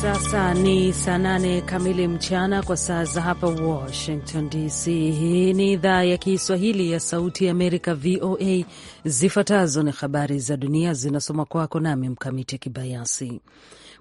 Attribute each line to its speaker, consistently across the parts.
Speaker 1: Sasa ni
Speaker 2: saa nane kamili mchana kwa saa za hapa Washington DC. Hii ni idhaa ya Kiswahili ya Sauti ya Amerika, VOA. Zifuatazo ni habari za dunia, zinasoma kwako nami Mkamiti Kibayasi.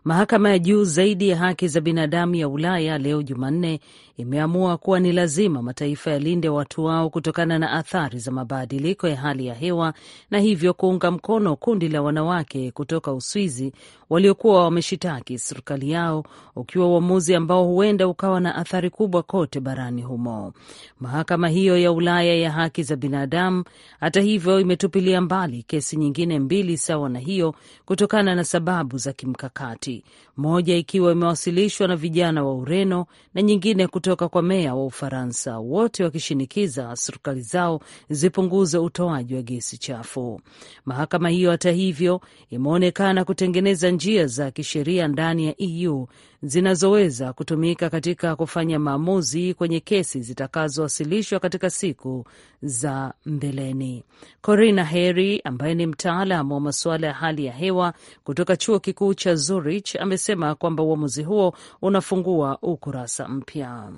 Speaker 2: Mahakama ya juu zaidi ya haki za binadamu ya Ulaya leo Jumanne imeamua kuwa ni lazima mataifa yalinde watu wao kutokana na athari za mabadiliko ya hali ya hewa na hivyo kuunga mkono kundi la wanawake kutoka Uswizi waliokuwa wameshitaki serikali yao, ukiwa uamuzi ambao huenda ukawa na athari kubwa kote barani humo. Mahakama hiyo ya Ulaya ya haki za binadamu, hata hivyo, imetupilia mbali kesi nyingine mbili sawa na hiyo kutokana na sababu za kimkakati, moja ikiwa imewasilishwa na vijana wa Ureno na nyingine kutoka kwa meya wa Ufaransa, wote wakishinikiza serikali zao zipunguze utoaji wa gesi chafu. Mahakama hiyo hata hivyo imeonekana kutengeneza njia za kisheria ndani ya EU zinazoweza kutumika katika kufanya maamuzi kwenye kesi zitakazowasilishwa katika siku za mbeleni. Corina Heri ambaye ni mtaalamu wa masuala ya hali ya hewa kutoka chuo kikuu cha Zurich amesema kwamba uamuzi huo unafungua ukurasa mpya.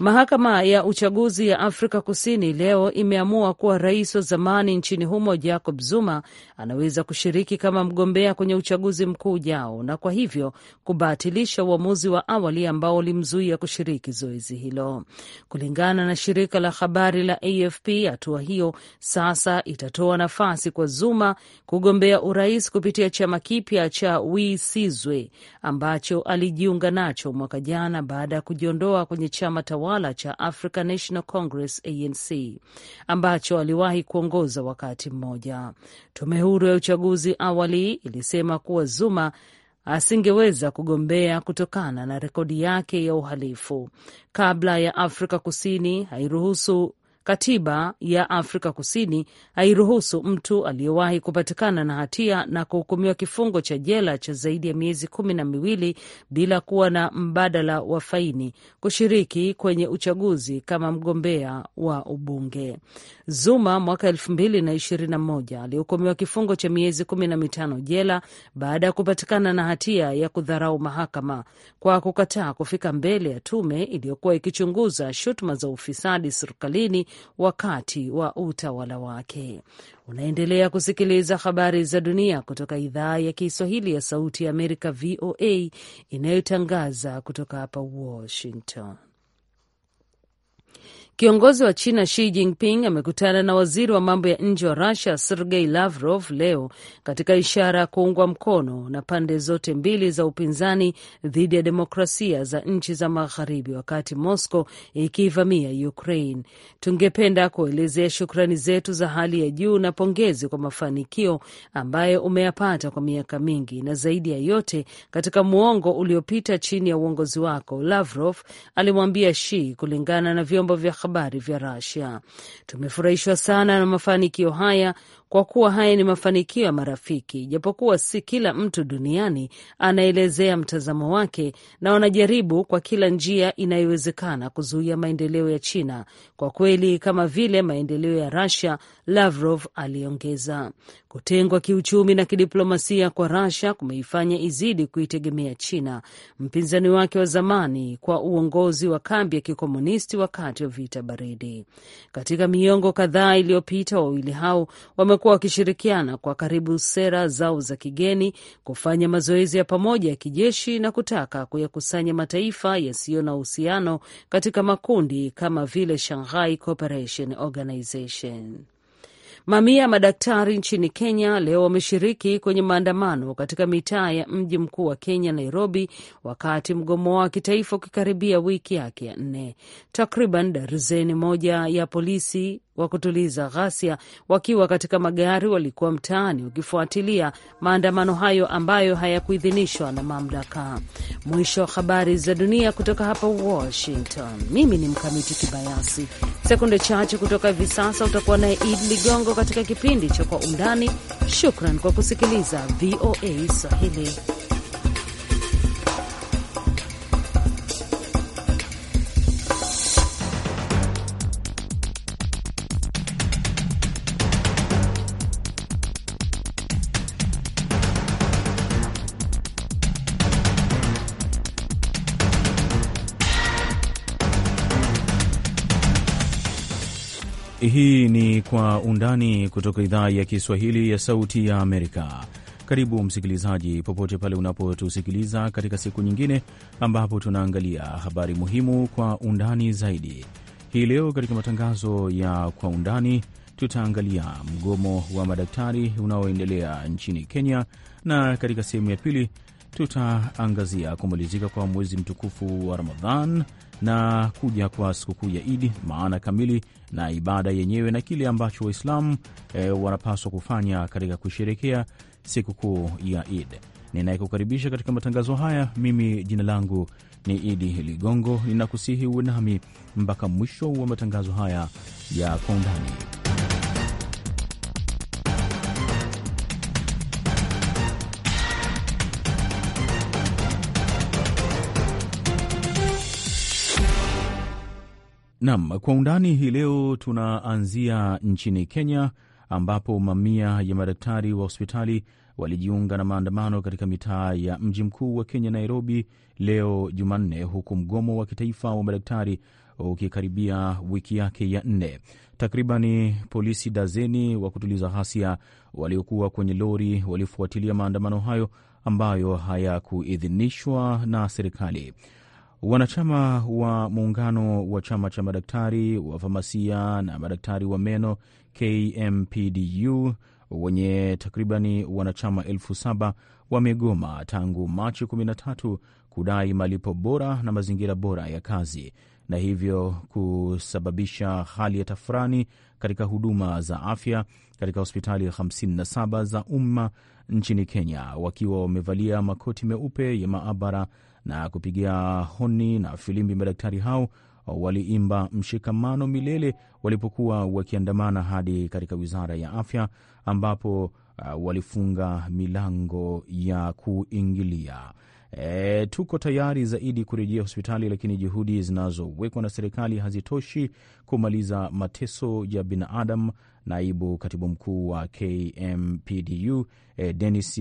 Speaker 2: Mahakama ya uchaguzi ya Afrika Kusini leo imeamua kuwa rais wa zamani nchini humo Jacob Zuma anaweza kushiriki kama mgombea kwenye uchaguzi mkuu ujao na kwa hivyo kubatilisha uamuzi wa awali ambao ulimzuia kushiriki zoezi hilo. Kulingana na shirika la habari la AFP, hatua hiyo sasa itatoa nafasi kwa Zuma kugombea urais kupitia chama kipya cha Wisizwe ambacho alijiunga nacho mwaka jana baada ya kujiondoa kwenye chama tawa tawala cha African National Congress ANC ambacho aliwahi kuongoza wakati mmoja. Tume huru ya uchaguzi awali ilisema kuwa Zuma asingeweza kugombea kutokana na rekodi yake ya uhalifu. Kabla ya Afrika Kusini hairuhusu Katiba ya Afrika Kusini hairuhusu mtu aliyewahi kupatikana na hatia na kuhukumiwa kifungo cha jela cha zaidi ya miezi kumi na miwili bila kuwa na mbadala wa faini kushiriki kwenye uchaguzi kama mgombea wa ubunge. Zuma mwaka elfu mbili na ishirini na moja alihukumiwa kifungo cha miezi kumi na mitano jela baada ya kupatikana na hatia ya kudharau mahakama kwa kukataa kufika mbele ya tume iliyokuwa ikichunguza shutuma za ufisadi serikalini wakati wa utawala wake. Unaendelea kusikiliza habari za dunia kutoka idhaa ya Kiswahili ya Sauti ya Amerika, VOA, inayotangaza kutoka hapa Washington. Kiongozi wa China Xi Jinping amekutana na waziri wa mambo ya nje wa Russia Sergei Lavrov leo katika ishara ya kuungwa mkono na pande zote mbili za upinzani dhidi ya demokrasia za nchi za Magharibi, wakati Moscow ikiivamia Ukraine. Tungependa kuelezea shukrani zetu za hali ya juu na pongezi kwa mafanikio ambayo umeyapata kwa miaka mingi na zaidi ya yote katika muongo uliopita chini ya uongozi wako, Lavrov alimwambia Xi, kulingana na vyombo vya habari vya rasia Tumefurahishwa sana na mafanikio haya kwa kuwa haya ni mafanikio ya marafiki, japokuwa si kila mtu duniani anaelezea mtazamo wake, na wanajaribu kwa kila njia inayowezekana kuzuia maendeleo ya China kwa kweli, kama vile maendeleo ya Russia, Lavrov aliongeza. Kutengwa kiuchumi na kidiplomasia kwa Russia kumeifanya izidi kuitegemea China, mpinzani wake wa zamani kwa uongozi wa kambi ya kikomunisti wakati wa vita baridi. Katika miongo kadhaa iliyopita, wawili hao wame wamekuwa wakishirikiana kwa karibu sera zao za kigeni, kufanya mazoezi ya pamoja ya kijeshi na kutaka kuyakusanya mataifa yasiyo na uhusiano katika makundi kama vile Shanghai Cooperation Organization. Mamia ya madaktari nchini Kenya leo wameshiriki kwenye maandamano katika mitaa ya mji mkuu wa Kenya, Nairobi, wakati mgomo wa kitaifa ukikaribia wiki yake ya nne. Takriban darzeni moja ya polisi wa kutuliza ghasia wakiwa katika magari walikuwa mtaani wakifuatilia maandamano hayo ambayo hayakuidhinishwa na mamlaka. Mwisho wa habari za dunia kutoka hapa Washington. Mimi ni Mkamiti Kibayasi. Sekunde chache kutoka hivi sasa utakuwa naye Idi Ligongo katika kipindi cha Kwa Undani. Shukran kwa kusikiliza VOA Swahili.
Speaker 3: Hii ni Kwa Undani kutoka idhaa ya Kiswahili ya Sauti ya Amerika. Karibu msikilizaji, popote pale unapotusikiliza katika siku nyingine ambapo tunaangalia habari muhimu kwa undani zaidi. Hii leo katika matangazo ya Kwa Undani tutaangalia mgomo wa madaktari unaoendelea nchini Kenya, na katika sehemu ya pili tutaangazia kumalizika kwa mwezi mtukufu wa Ramadhan na kuja kwa sikukuu ya Idi, maana kamili na ibada yenyewe na kile ambacho Waislamu e, wanapaswa kufanya katika kusherekea sikukuu ya Idi. Ninayekukaribisha katika matangazo haya mimi, jina langu ni Idi Ligongo, ninakusihi uwe nami mpaka mwisho wa matangazo haya ya Kwa Undani. Naam, kwa undani hii leo tunaanzia nchini Kenya ambapo mamia ya madaktari wa hospitali walijiunga na maandamano katika mitaa ya mji mkuu wa Kenya, Nairobi, leo Jumanne, huku mgomo wa kitaifa wa madaktari ukikaribia wiki yake ya nne. Takribani polisi dazeni wa kutuliza ghasia waliokuwa kwenye lori walifuatilia maandamano hayo ambayo hayakuidhinishwa na serikali. Wanachama wa muungano wa chama cha madaktari wa famasia na madaktari wa meno KMPDU wenye takribani wanachama elfu saba wamegoma tangu Machi 13 kudai malipo bora na mazingira bora ya kazi na hivyo kusababisha hali ya tafurani katika huduma za afya katika hospitali 57 za umma nchini Kenya, wakiwa wamevalia makoti meupe ya maabara na kupigia honi na filimbi. Madaktari hao waliimba mshikamano milele walipokuwa wakiandamana hadi katika wizara ya afya ambapo uh, walifunga milango ya kuingilia. E, tuko tayari zaidi kurejea hospitali, lakini juhudi zinazowekwa na serikali hazitoshi kumaliza mateso ya binadamu naibu katibu mkuu wa KMPDU eh, Denis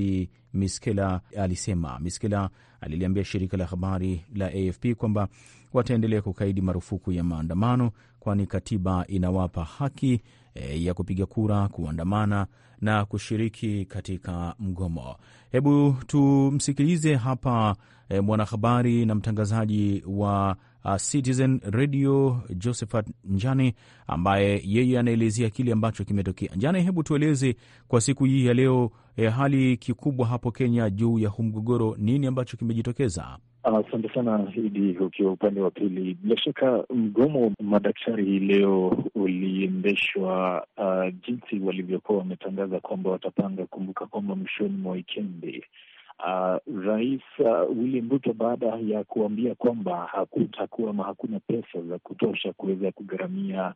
Speaker 3: Miskela alisema. Miskela aliliambia shirika la habari la AFP kwamba wataendelea kukaidi marufuku ya maandamano, kwani katiba inawapa haki eh, ya kupiga kura, kuandamana na kushiriki katika mgomo. Hebu tumsikilize hapa eh, mwanahabari na mtangazaji wa Uh, Citizen Radio Josephat Njane, ambaye yeye anaelezea kile ambacho kimetokea. Njane, hebu tueleze kwa siku hii ya leo, eh, hali kikubwa hapo Kenya juu ya huu mgogoro, nini ambacho kimejitokeza?
Speaker 4: Asante sana idi Ukiwa upande wa pili, bila shaka mgomo wa madaktari hii leo uliendeshwa uh, jinsi walivyokuwa wametangaza kwamba watapanga. Kumbuka kwamba mwishoni mwa wikendi Uh, Rais uh, William Ruto baada ya kuambia kwamba hakutakuwa ama hakuna pesa za kutosha kuweza kugharamia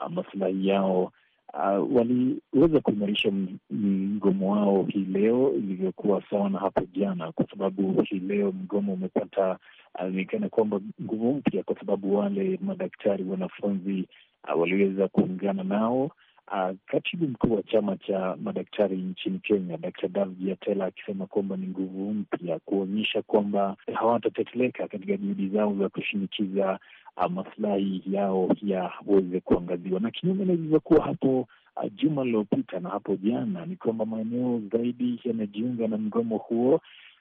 Speaker 4: uh, masilahi yao uh, waliweza kuimarisha mgomo wao hii leo ilivyokuwa sawa na hapo jana, kwa sababu hii leo mgomo umepata uh, inaonekana uh, kwamba nguvu mpya, kwa sababu wale madaktari wanafunzi uh, waliweza kuungana nao Uh, katibu mkuu wa chama cha madaktari nchini Kenya Dkt. David Yatela akisema kwamba ni nguvu mpya kuonyesha kwamba hawatateteleka katika juhudi zao za kushinikiza uh, maslahi yao yaweze kuangaziwa, na kinyume na ilivyokuwa hapo uh, juma lililopita na hapo jana, ni kwamba maeneo zaidi yamejiunga na mgomo huo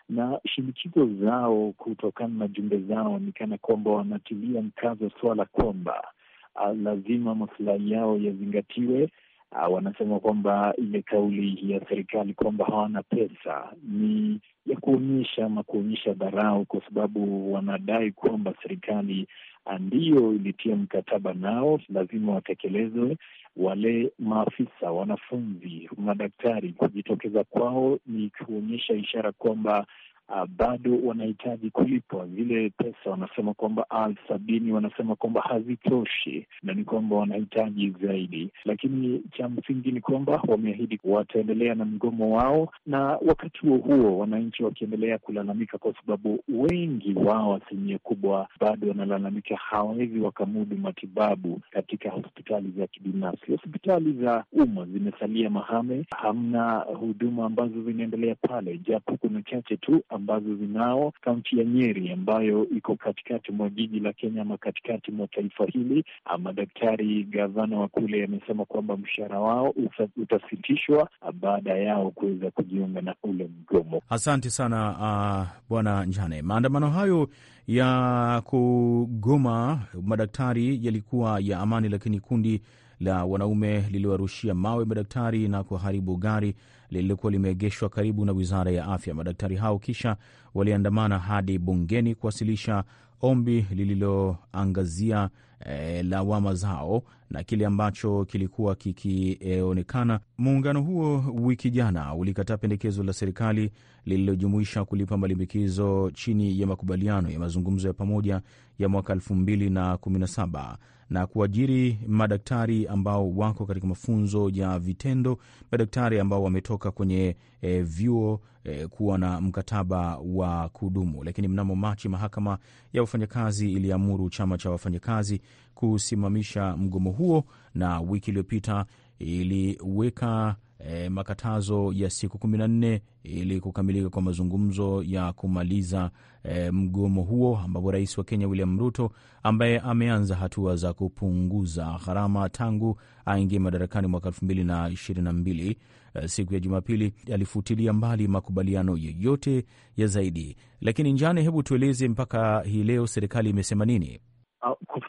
Speaker 4: na shinikizo zao kutokana na jumbe zao ni kana kwamba wanatilia mkazo suala kwamba Ah, lazima masilahi yao yazingatiwe. Uh, wanasema kwamba ile kauli ya serikali kwamba hawana pesa ni ya kuonyesha ama kuonyesha dharau, kwa sababu wanadai kwamba serikali ah, ndiyo ilitia mkataba nao, lazima watekelezwe. Wale maafisa, wanafunzi, madaktari kujitokeza kwao ni kuonyesha ishara kwamba uh, bado wanahitaji kulipwa zile pesa. Wanasema kwamba elfu ah, sabini wanasema kwamba hazitoshi na ni kwamba wanahitaji zaidi, lakini cha msingi ni kwamba wameahidi wataendelea na mgomo wao, na wakati huo huo wananchi wakiendelea kulalamika, kwa sababu wengi wao, asilimia kubwa, bado wanalalamika hawawezi wakamudu matibabu katika hospitali za kibinafsi. Hospitali za umma zimesalia mahame, hamna huduma ambazo zinaendelea pale, japo kuna chache tu ambazo zinao kaunti ya Nyeri ambayo iko katikati mwa jiji la Kenya ama katikati mwa taifa hili. Madaktari, gavana wa kule amesema kwamba mshahara wao utasitishwa baada yao kuweza kujiunga na ule
Speaker 3: mgomo. Asante sana uh, bwana Njane. Maandamano hayo ya kugoma madaktari yalikuwa ya amani, lakini kundi la wanaume liliwarushia mawe madaktari na kuharibu gari lililokuwa limeegeshwa karibu na wizara ya afya. Madaktari hao kisha waliandamana hadi bungeni kuwasilisha ombi lililoangazia e, lawama zao na kile ambacho kilikuwa kikionekana. E, muungano huo wiki jana ulikataa pendekezo la serikali lililojumuisha kulipa malimbikizo chini ya makubaliano ya mazungumzo ya pamoja ya mwaka 2017 na kuajiri madaktari ambao wako katika mafunzo ya vitendo, madaktari ambao wametoka kwenye e, vyuo e, kuwa na mkataba wa kudumu. Lakini mnamo Machi, mahakama ya wafanyakazi iliamuru chama cha wafanyakazi kusimamisha mgomo huo, na wiki iliyopita iliweka e, makatazo ya siku kumi na nne ili kukamilika kwa mazungumzo ya kumaliza e, mgomo huo, ambapo rais wa Kenya William Ruto ambaye ameanza hatua za kupunguza gharama tangu aingie madarakani mwaka elfu mbili na na mbili eh, siku ya Jumapili alifutilia mbali makubaliano yoyote ya zaidi. Lakini Njane, hebu tueleze mpaka hii leo serikali imesema nini?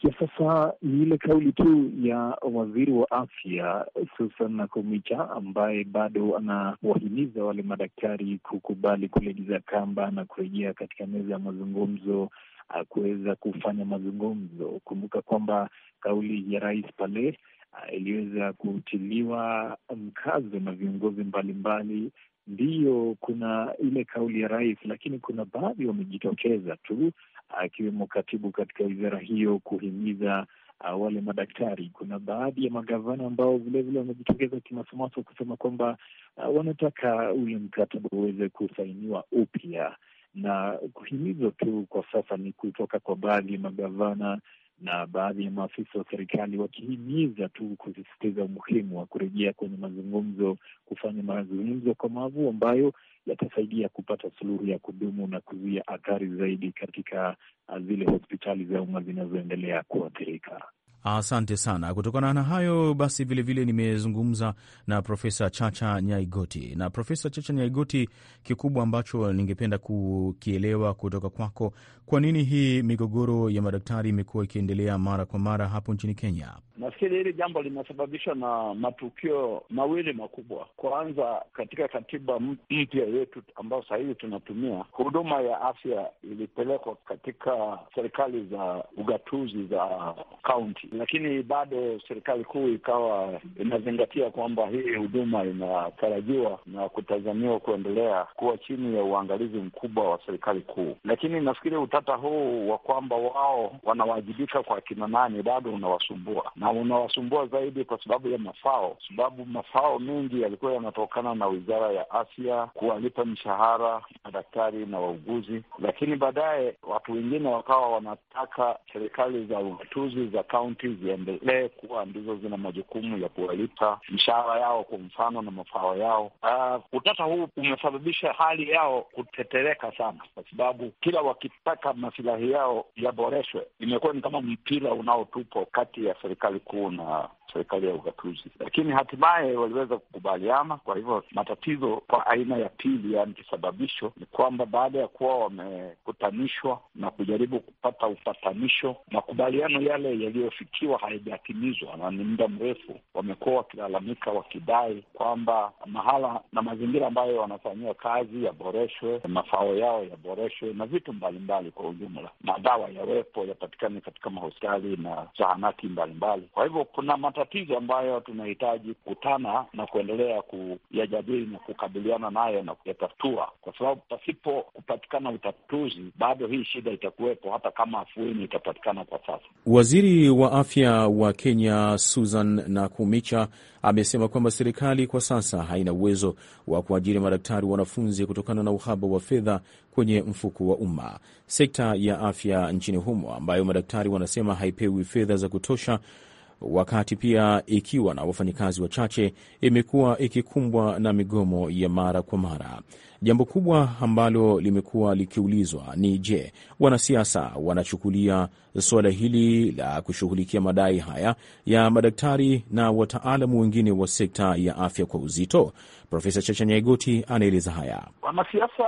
Speaker 4: Kufikia sasa ni ile kauli tu ya waziri wa afya Susan Nakumicha ambaye bado anawahimiza wale madaktari kukubali kulegeza kamba na kurejea katika meza ya mazungumzo ah, kuweza kufanya mazungumzo. Kumbuka kwamba kauli ya rais pale ah, iliweza kutiliwa mkazo na viongozi mbalimbali ndiyo kuna ile kauli ya rais, lakini kuna baadhi wamejitokeza tu, akiwemo katibu katika wizara hiyo kuhimiza uh, wale madaktari. Kuna baadhi ya magavana ambao vilevile wamejitokeza kimasomaso kusema kwamba uh, wanataka ule mkataba uweze kusainiwa upya, na kuhimizwa tu kwa sasa ni kutoka kwa baadhi ya magavana na baadhi ya maafisa wa serikali wakihimiza tu kusisitiza umuhimu wa kurejea kwenye mazungumzo, kufanya mazungumzo kwa mavu ambayo yatasaidia kupata suluhu ya kudumu na kuzuia athari zaidi katika ah, zile hospitali za umma zinazoendelea kuathirika.
Speaker 3: Asante sana. Kutokana na hayo basi, vilevile nimezungumza na Profesa Chacha Nyaigoti. Na Profesa Chacha Nyaigoti, kikubwa ambacho ningependa kukielewa kutoka kwako, kwa nini hii migogoro ya madaktari imekuwa ikiendelea mara kwa mara hapo nchini Kenya?
Speaker 5: Nafikiri hili jambo linasababishwa na matukio mawili makubwa. Kwanza, katika katiba mpya yetu ambayo sahizi tunatumia, huduma ya afya ilipelekwa katika serikali za ugatuzi za kaunti, lakini bado serikali kuu ikawa inazingatia kwamba hii huduma inatarajiwa na kutazamiwa kuendelea kuwa chini ya uangalizi mkubwa wa serikali kuu. Lakini nafikiri utata huu wa kwamba wao wanawajibika kwa kina nani bado unawasumbua na unawasumbua zaidi kwa sababu ya mafao, sababu mafao mengi yalikuwa yanatokana na wizara ya afya kuwalipa mshahara madaktari na wauguzi, lakini baadaye watu wengine wakawa wanataka serikali za ugatuzi za kaunti ziendelee kuwa ndizo zina majukumu ya kuwalipa mshahara yao kwa mfano na mafao yao. Uh, utata huu umesababisha hali yao kutetereka sana, kwa sababu kila wakitaka masilahi yao yaboreshwe, imekuwa ni kama mpira unaotupwa kati ya serikali балкона serikali ya ugatuzi, lakini hatimaye waliweza kukubaliana. Kwa hivyo matatizo kwa aina ya pili, yaani kisababisho, ni kwamba baada ya kuwa wamekutanishwa na kujaribu kupata upatanisho, makubaliano yale yaliyofikiwa hayajatimizwa na ni muda mrefu wamekuwa wakilalamika, wakidai kwamba mahala na mazingira ambayo wanafanyia kazi yaboreshwe, mafao yao yaboreshwe na vitu mbalimbali kwa ujumla, madawa yawepo, yapatikane katika mahospitali na zahanati mbalimbali. Kwa hivyo kuna mata matatizo ambayo tunahitaji kukutana na kuendelea kuyajadili na kukabiliana nayo na kuyatatua, kwa sababu pasipo kupatikana utatuzi, bado hii shida itakuwepo, hata kama afueni itapatikana kwa sasa.
Speaker 3: Waziri wa afya wa Kenya Susan Nakumicha amesema kwamba serikali kwa sasa haina uwezo wa kuajiri madaktari wanafunzi kutokana na uhaba wa fedha kwenye mfuko wa umma. Sekta ya afya nchini humo ambayo madaktari wanasema haipewi fedha za kutosha wakati pia ikiwa na wafanyakazi wachache, imekuwa ikikumbwa na migomo ya mara kwa mara. Jambo kubwa ambalo limekuwa likiulizwa ni je, wanasiasa wanachukulia suala hili la kushughulikia madai haya ya madaktari na wataalamu wengine wa sekta ya afya kwa uzito? Profesa Chacha Nyaigoti anaeleza haya.
Speaker 5: Wanasiasa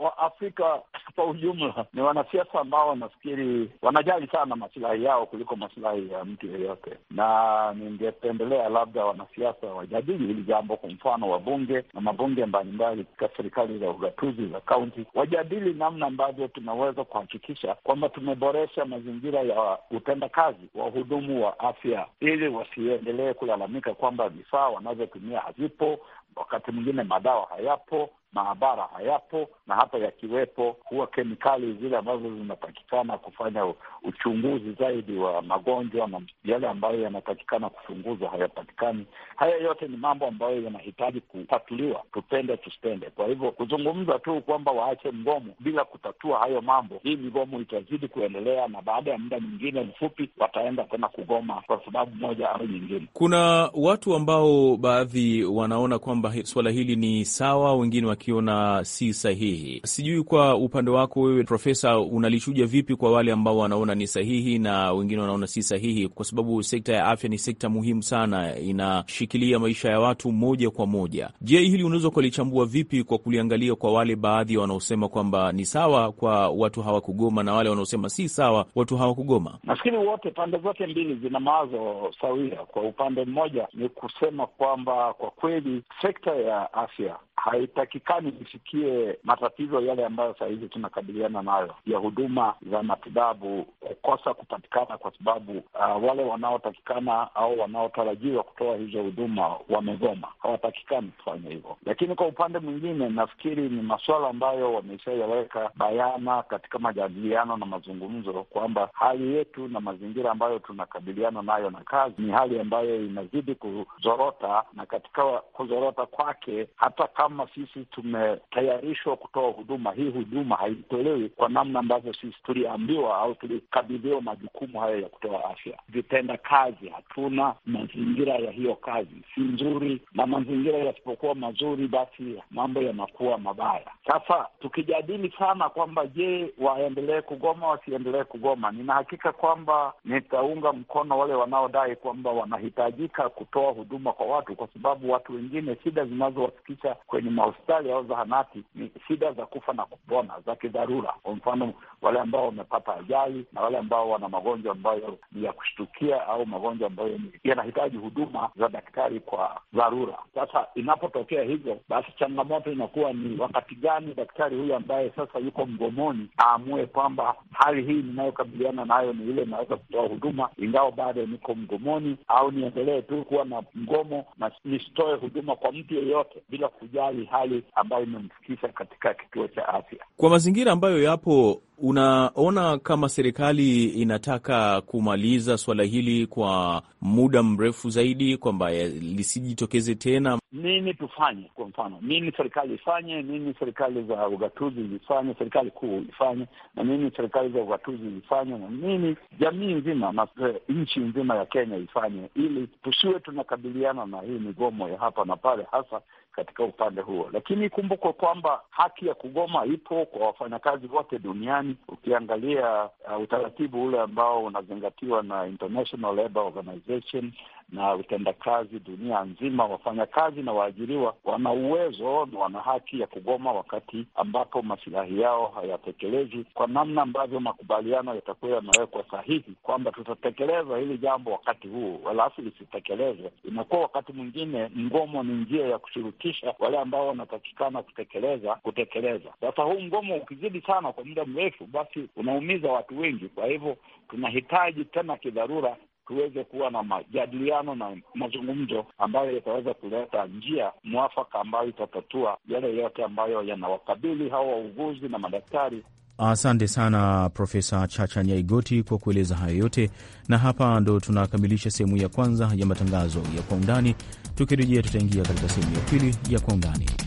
Speaker 5: wa Afrika kwa ujumla ni wanasiasa ambao wanafikiri wanajali sana masilahi yao kuliko masilahi ya mtu yeyote, na ningependelea labda wanasiasa wajadili hili jambo, kwa mfano wabunge na mabunge mbalimbali katika serikali za ugatuzi za kaunti wajadili namna ambavyo tunaweza kuhakikisha kwamba tumeboresha mazingira ya utendakazi wa uhudumu wa afya, ili wasiendelee kulalamika kwamba vifaa wanavyotumia havipo, wakati mwingine madawa hayapo maabara hayapo, na hata yakiwepo huwa kemikali zile ambazo zinatakikana kufanya uchunguzi zaidi wa magonjwa na yale ambayo yanatakikana kuchunguzwa hayapatikani. Haya yote ni mambo ambayo yanahitaji kutatuliwa, tupende tusipende. Kwa hivyo kuzungumza tu kwamba waache mgomo bila kutatua hayo mambo, hii migomo itazidi kuendelea, na baada ya muda mwingine mfupi wataenda tena kugoma kwa sababu moja au nyingine.
Speaker 3: Kuna watu ambao baadhi wanaona kwamba swala hili ni sawa, wengine wakiona si sahihi. Sijui kwa upande wako wewe Profesa, unalichuja vipi kwa wale ambao wanaona ni sahihi na wengine wanaona si sahihi? Kwa sababu sekta ya afya ni sekta muhimu sana, inashikilia maisha ya watu moja kwa moja. Je, hili unaweza ukalichambua vipi kwa kuliangalia kwa wale baadhi wanaosema kwamba ni sawa kwa watu hawakugoma na wale wanaosema si sawa watu hawakugoma?
Speaker 5: Nafikiri wote pande zote mbili zina mawazo sawia. Kwa upande mmoja ni kusema kwamba kwa kweli sekta ya afya haitakikani isikie matatizo yale ambayo sahizi tunakabiliana nayo ya huduma za matibabu kukosa kupatikana, kwa sababu uh, wale wanaotakikana au wanaotarajiwa kutoa hizo huduma wamegoma, hawatakikani kufanya hivyo. Lakini kwa upande mwingine, nafikiri ni masuala ambayo wameshayaweka bayana katika majadiliano na mazungumzo kwamba hali yetu na mazingira ambayo tunakabiliana nayo na kazi ni hali ambayo inazidi kuzorota, na katika kuzorota kwake hata kama kama sisi tumetayarishwa kutoa huduma hii, huduma haitolewi kwa namna ambavyo sisi tuliambiwa au tulikabidhiwa majukumu hayo ya kutoa afya. Vitenda kazi hatuna, mazingira ya hiyo kazi si nzuri, na mazingira yasipokuwa mazuri, basi mambo yanakuwa mabaya. Sasa tukijadili sana kwamba je, waendelee kugoma wasiendelee kugoma, nina hakika kwamba nitaunga mkono wale wanaodai kwamba wanahitajika kutoa huduma kwa watu, kwa sababu watu wengine shida zinazowafikisha kwenye kwenye mahospitali au zahanati ni shida za kufa na kupona za kidharura. Kwa mfano, wale ambao wamepata ajali na wale ambao wana magonjwa ambayo ni ya kushtukia au magonjwa ambayo yanahitaji huduma za daktari kwa dharura. Sasa inapotokea hivyo, basi changamoto inakuwa ni wakati gani daktari huyu ambaye sasa yuko mgomoni aamue kwamba hali hii ninayokabiliana nayo ni ile inaweza kutoa huduma ingawa bado niko mgomoni, au niendelee tu kuwa na mgomo na nisitoe huduma kwa mtu yeyote bila kujali hali ambayo imemfikisha katika kituo cha afya.
Speaker 3: Kwa mazingira ambayo yapo Unaona kama serikali inataka kumaliza swala hili kwa muda mrefu zaidi, kwamba lisijitokeze tena?
Speaker 5: Nini tufanye? Kwa mfano, nini serikali ifanye? Nini serikali za ugatuzi zifanye? Serikali kuu ifanye na nini serikali za ugatuzi zifanye, na nini jamii nzima na eh, nchi nzima ya Kenya ifanye, ili tusiwe tunakabiliana na hii migomo ya hapa na pale, hasa katika upande huo. Lakini ikumbukwe kwamba haki ya kugoma ipo kwa wafanyakazi wote duniani hususan ukiangalia uh, utaratibu ule ambao unazingatiwa na International Labour Organization na utendakazi dunia nzima. Wafanyakazi na waajiriwa wana uwezo na wana haki ya kugoma wakati ambapo masilahi yao hayatekelezwi kwa namna ambavyo makubaliano yatakuwa yamewekwa sahihi, kwamba tutatekeleza hili jambo wakati huu, halafu lisitekelezwe. Inakuwa wakati mwingine mgomo ni njia ya kushirikisha wale ambao wanatakikana kutekeleza kutekeleza. Sasa huu mgomo ukizidi sana kwa muda mrefu mrefu, basi unaumiza watu wengi. Kwa hivyo tunahitaji tena kidharura tuweze kuwa na majadiliano na mazungumzo ambayo yataweza kuleta njia mwafaka ambayo itatatua yale yote ambayo yanawakabili hawa wauguzi na madaktari.
Speaker 3: Asante sana Profesa Chacha Nyaigoti kwa kueleza hayo yote, na hapa ndo tunakamilisha sehemu ya kwanza ya matangazo ya Kwa Undani. Tukirejea, tutaingia katika sehemu ya pili ya Kwa Undani.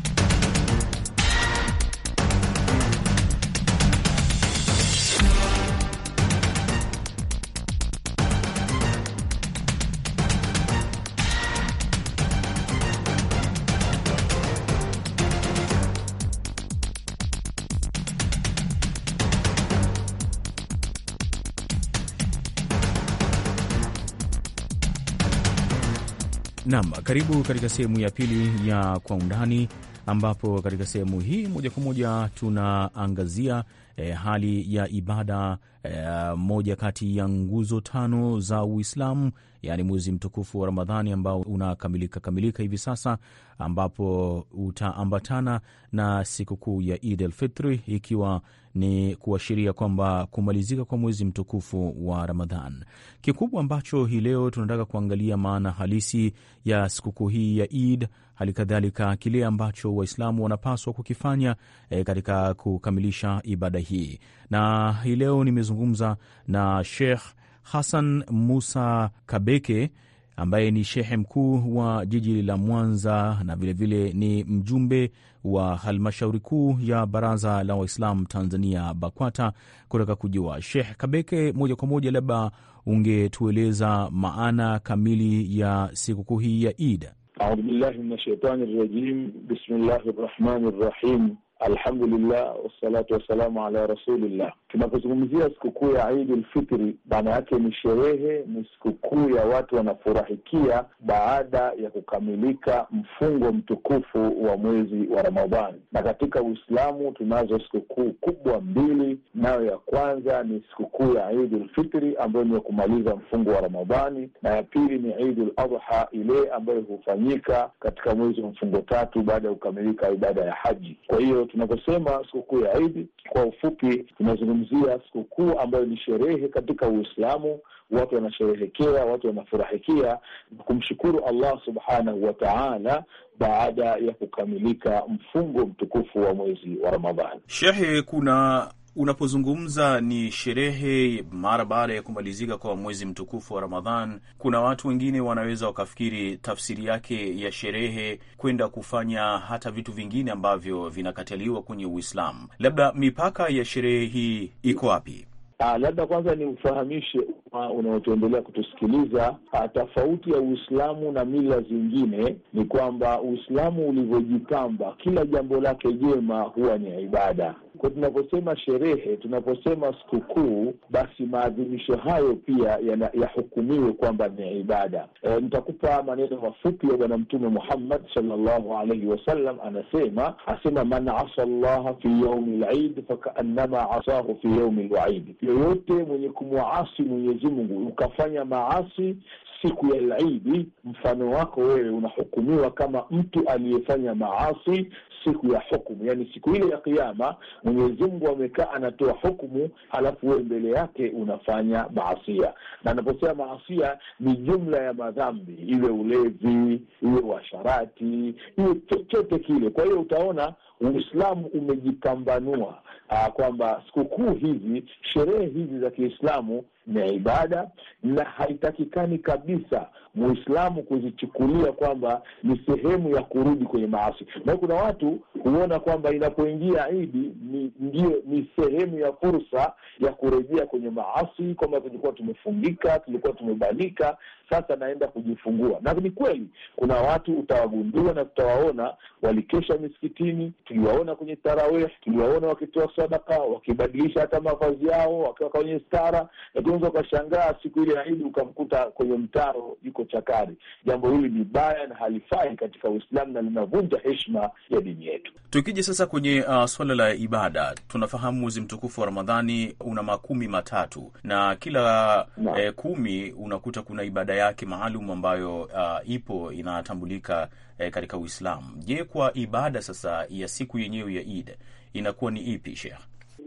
Speaker 3: Nam, karibu katika sehemu ya pili ya Kwa Undani, ambapo katika sehemu hii moja kwa moja tunaangazia e, hali ya ibada e, moja kati ya nguzo tano za Uislamu yaani mwezi mtukufu wa Ramadhani ambao unakamilika kamilika hivi sasa, ambapo utaambatana na sikukuu ya Id el Fitri, ikiwa ni kuashiria kwamba kumalizika kwa mwezi mtukufu wa Ramadhan. Kikubwa ambacho hii leo tunataka kuangalia maana halisi ya sikukuu hii ya Id, hali kadhalika kile ambacho Waislamu wanapaswa kukifanya e, katika kukamilisha ibada hii. Na hii leo nimezungumza na Sheikh Hassan Musa Kabeke ambaye ni shehe mkuu wa jiji la Mwanza na vilevile vile ni mjumbe wa halmashauri kuu ya Baraza la Waislamu Tanzania, BAKWATA, kutaka kujua. Sheikh Kabeke, moja kwa moja, labda ungetueleza maana kamili ya sikukuu hii ya Id.
Speaker 1: Audhu min shaitani rajim, bismillahi rahmani rahim Alhamdulillah, wassalatu wassalamu ala rasulillah. Tunapozungumzia sikukuu ya Idi Lfitri, maana yake ni sherehe, ni sikukuu ya watu wanafurahikia baada ya kukamilika mfungo mtukufu wa mwezi wa Ramadhani. Na katika Uislamu tunazo sikukuu kubwa mbili, nayo ya kwanza ni sikukuu ya Idi Lfitri ambayo ni ya kumaliza mfungo wa Ramadhani, na ya pili ni Idi Ladha ile ambayo hufanyika katika mwezi wa mfungo tatu baada ya kukamilika ibada ya haji. Kwa hiyo tunavyosema sikukuu ya Idi, kwa ufupi, tunazungumzia sikukuu ambayo ni sherehe katika Uislamu. Watu wanasherehekea, watu wanafurahikia na kumshukuru Allah subhanahu wa taala baada ya kukamilika mfungo mtukufu wa mwezi wa Ramadhani.
Speaker 3: Shehe, kuna Unapozungumza ni sherehe mara baada ya kumalizika kwa mwezi mtukufu wa Ramadhan, kuna watu wengine wanaweza wakafikiri tafsiri yake ya sherehe kwenda kufanya hata vitu vingine ambavyo vinakataliwa kwenye Uislamu. Labda mipaka ya sherehe hii iko wapi?
Speaker 1: Ah, labda kwanza ni ufahamishe umma unaotuendelea kutusikiliza. Ah, tofauti ya Uislamu na mila zingine ni kwamba Uislamu ulivyojipamba, kila jambo lake jema huwa ni ibada. Kwa tunaposema sherehe, tunaposema sikukuu, basi maadhimisho hayo pia yahukumiwe ya kwamba ni ibada. E, nitakupa maneno mafupi ya Bwana Mtume Muhammad sallallahu alaihi wasallam, anasema asema, man asa llaha fi yaumi lid fakaannama asahu fi yaumi lwaidi, yoyote mwenye kumwaasi Mwenyezi Mungu ukafanya maasi siku ya Idi, mfano wako wewe unahukumiwa kama mtu aliyefanya maasi siku ya hukumu, yani siku ile ya kiama mwenyezimgu amekaa anatoa hukumu, alafu wewe mbele yake unafanya maasia. Na anaposema maasia ni jumla ya madhambi, iwe ulevi, iwe uasharati, iwe chochote kile. Kwa hiyo utaona Uislamu umejipambanua uh, kwamba sikukuu hizi, sherehe hizi za Kiislamu ni ya ibada na haitakikani kabisa Muislamu kuzichukulia kwamba ni sehemu ya kurudi kwenye maasi. Na kuna watu huona kwamba inapoingia Idi ni ndio ni sehemu ya fursa ya kurejea kwenye maasi, kwamba tulikuwa tumefungika, tulikuwa tumebanika, sasa naenda kujifungua. Na ni kweli kuna watu utawagundua na tutawaona walikesha misikitini, tuliwaona kwenye tarawih, tuliwaona wakitoa sadaka, wakibadilisha hata mavazi yao, wakiwa kwenye stara, lakini unaweza ukashangaa siku ile ya Idi ukamkuta kwenye mtaro yuko chakari. Jambo hili ni baya na halifai katika Uislamu na linavunja heshima ya dini yetu.
Speaker 3: Tukija sasa kwenye uh, suala la ibada, tunafahamu mwezi mtukufu wa Ramadhani una makumi matatu na kila eh, kumi unakuta kuna ibada yake maalum ambayo uh, ipo inatambulika e, katika Uislamu. Je, kwa ibada sasa ya siku yenyewe ya Eid inakuwa ni ipi,
Speaker 1: Sheikh?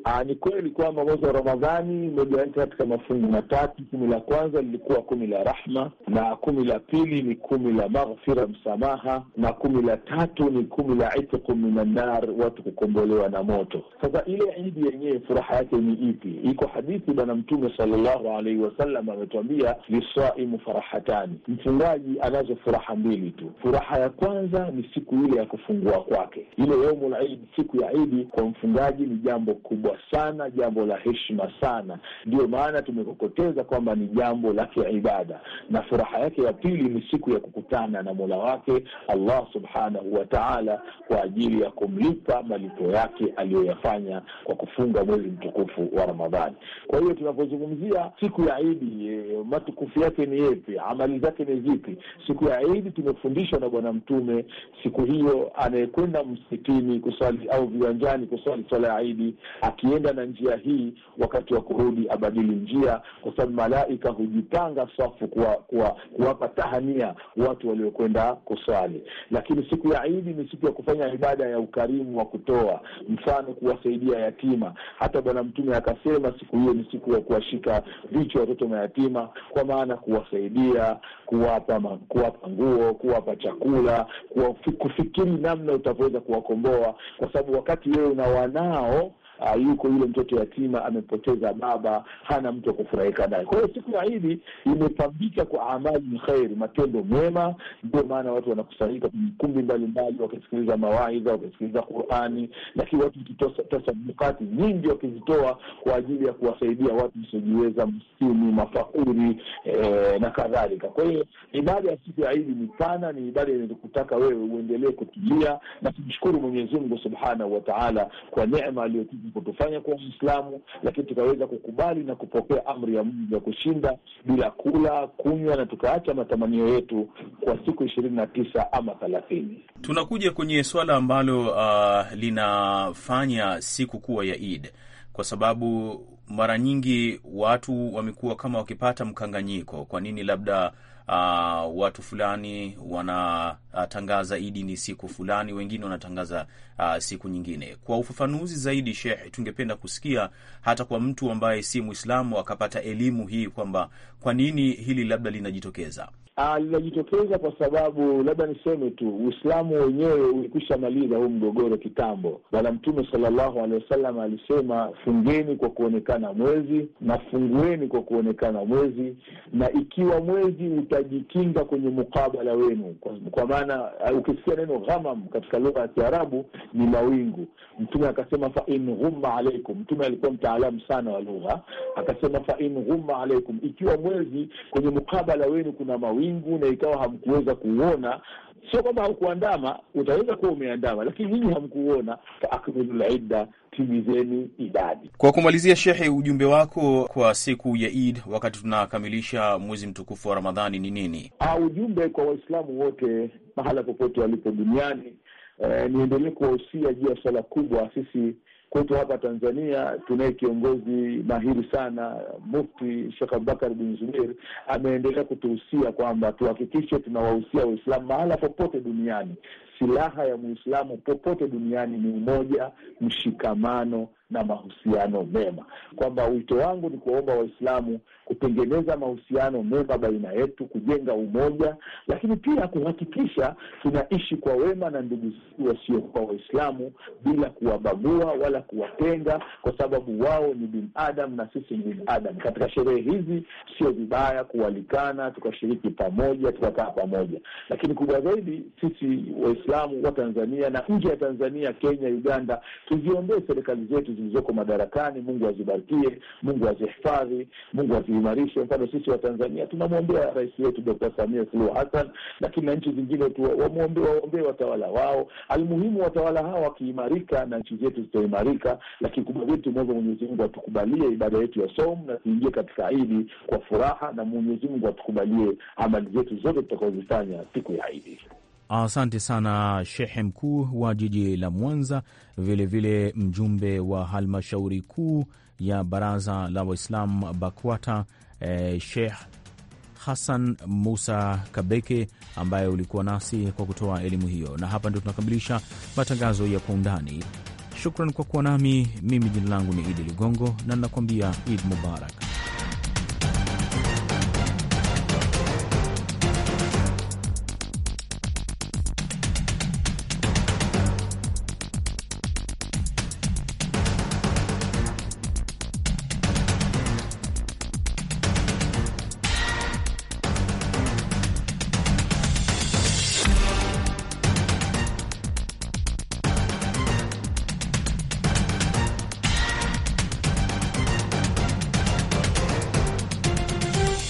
Speaker 1: Ah, ni kweli kwamba mwezi wa Ramadhani umegawanyika katika mafungu matatu. Kumi la kwanza lilikuwa kumi la rahma, na kumi la pili ni kumi la maghfira, msamaha, na kumi la tatu ni kumi la itqu minannar, watu kukombolewa na moto. Sasa ile idi yenyewe furaha yake ni ipi? Iko hadithi Bwana Mtume sallallahu alaihi wasallam ametuambia, lisaimu farahatani, mfungaji anazo furaha mbili tu. Furaha ya kwanza ni siku ile ya kufungua kwake, ile yaumul idi, siku ya idi kwa mfungaji ni jambo kubwa kubwa sana, jambo la heshima sana. Ndiyo maana tumekokoteza kwamba ni jambo la kiibada, na furaha yake ya pili ni siku ya kukutana na mola wake Allah subhanahu wa taala kwa ajili ya kumlipa malipo yake aliyoyafanya kwa kufunga mwezi mtukufu wa Ramadhani. Kwa hiyo tunapozungumzia siku ya Idi e, matukufu yake ni yepi? Amali zake ni zipi? Siku ya Idi tumefundishwa na Bwana Mtume, siku hiyo anayekwenda msikitini kuswali au viwanjani kuswali swala ya Idi akienda na njia hii, wakati wa kurudi abadili njia, kwa sababu malaika hujipanga safu kuwapa kuwa, kuwa tahania watu waliokwenda kuswali. Lakini siku ya Idi ni siku ya kufanya ibada ya ukarimu wa kutoa, mfano kuwasaidia yatima. Hata Bwana Mtume akasema siku hiyo ni siku ya kuwashika vichwa watoto mayatima, kwa maana kuwasaidia, kuwapa kuwapa nguo, kuwapa chakula, kuwa, kufikiri namna utavyoweza kuwakomboa, kwa sababu wakati wewe una wanao uh, yuko yule mtoto yatima amepoteza baba, hana mtu wa kufurahika naye. Kwa hiyo siku ya Idi imepambika kwa amali kheri, matendo mema. Ndio maana watu wanakusanyika kwenye kumbi mbalimbali, wakisikiliza mawaidha, wakisikiliza Qurani, lakini watu tasabukati nyingi wakizitoa kwa ajili ya kuwasaidia watu wasiojiweza, maskini, mafakuri eh, na kadhalika. Kwa hiyo ibada ya siku ya Idi ni pana, ni ibada kutaka wewe uendelee kutulia na kumshukuru mwenyezimngu subhanahu wataala kwa nema aliyotupa kutufanya kuwa Mwislamu, lakini tukaweza kukubali na kupokea amri ya Mungu ya kushinda bila kula kunywa, na tukaacha matamanio yetu kwa siku ishirini na tisa ama
Speaker 4: thelathini.
Speaker 3: Tunakuja kwenye swala ambalo uh, linafanya siku kuwa ya id kwa sababu mara nyingi watu wamekuwa kama wakipata mkanganyiko, kwa nini labda uh, watu fulani wanatangaza Idi ni siku fulani, wengine wanatangaza uh, siku nyingine. Kwa ufafanuzi zaidi, Sheikh, tungependa kusikia hata kwa mtu ambaye si Mwislamu akapata elimu hii kwamba kwa nini hili labda linajitokeza.
Speaker 1: Ah, linajitokeza kwa sababu labda niseme tu Uislamu wenyewe ulikwisha maliza huu mgogoro kitambo. Bwana Mtume sallallahu alaihi wasallam alisema, fungeni kwa kuonekana mwezi na fungueni kwa kuonekana mwezi, na ikiwa mwezi utajikinga kwenye mukabala wenu, kwa, maana ah, ukisikia neno ghamam katika lugha ya Kiarabu ni mawingu. Mtume akasema fa in ghumma alaikum. Mtume alikuwa mtaalamu sana wa lugha, akasema fa in ghumma alaikum, ikiwa mwezi kwenye mukabala wenu kuna mawingu wingu na ikawa hamkuweza kuona Sio kwamba haukuandama, utaweza kuwa umeandama, lakini nyinyi hamkuona. Faakmilu lidda, timizeni idadi. Kwa
Speaker 3: kumalizia, Shekhe, ujumbe wako kwa siku ya id wakati tunakamilisha mwezi mtukufu wa Ramadhani ni nini?
Speaker 1: Ah, ujumbe kwa Waislamu wote mahala popote walipo duniani, eh, niendelee kuwahusia juu ya swala kubwa sisi Kwetu hapa Tanzania tunaye kiongozi mahiri sana Mufti Shekh Abubakar bin Zubeir, ameendelea kutuhusia kwamba tuhakikishe tunawahusia Waislamu mahala popote duniani, silaha ya Mwislamu popote duniani ni umoja, mshikamano na mahusiano mema, kwamba wito wangu ni kuwaomba Waislamu kutengeneza mahusiano mema baina yetu, kujenga umoja, lakini pia kuhakikisha tunaishi kwa wema na ndugu zetu wasiokuwa Waislamu bila kuwabagua wala kuwatenga, kwa sababu wao ni binadam na sisi ni binadam Katika sherehe hizi sio vibaya kualikana, tukashiriki pamoja, tukakaa pamoja, lakini kubwa zaidi sisi Waislamu wa Tanzania na nje ya Tanzania, Kenya, Uganda, tuziombee serikali zetu zilizoko madarakani. Mungu azibarikie, Mungu azihifadhi, Mungu azi tuimarishe. Mfano, sisi wa Tanzania tunamwombea rais wetu Dokta Samia Suluhu Hassan, lakini na nchi zingine tu waombee watawala wao. Almuhimu watawala hawa wakiimarika na nchi zetu zitaimarika, lakini kubwa wetu mwomba Mwenyezi Mungu atukubalie ibada yetu ya somu na tuingie katika Idi kwa furaha, na Mwenyezi Mungu atukubalie amali zetu zote tutakazozifanya siku ya Idi.
Speaker 3: Asante sana shehe mkuu wa jiji la Mwanza, vilevile vile mjumbe wa halmashauri kuu ya Baraza la waislam BAKWATA e, Sheikh Hassan Musa Kabeke ambaye ulikuwa nasi kwa kutoa elimu hiyo, na hapa ndio tunakamilisha matangazo ya Kwa Undani. Shukran kwa kuwa nami. Mimi jina langu ni Idi Ligongo na ninakuambia id Mubarak.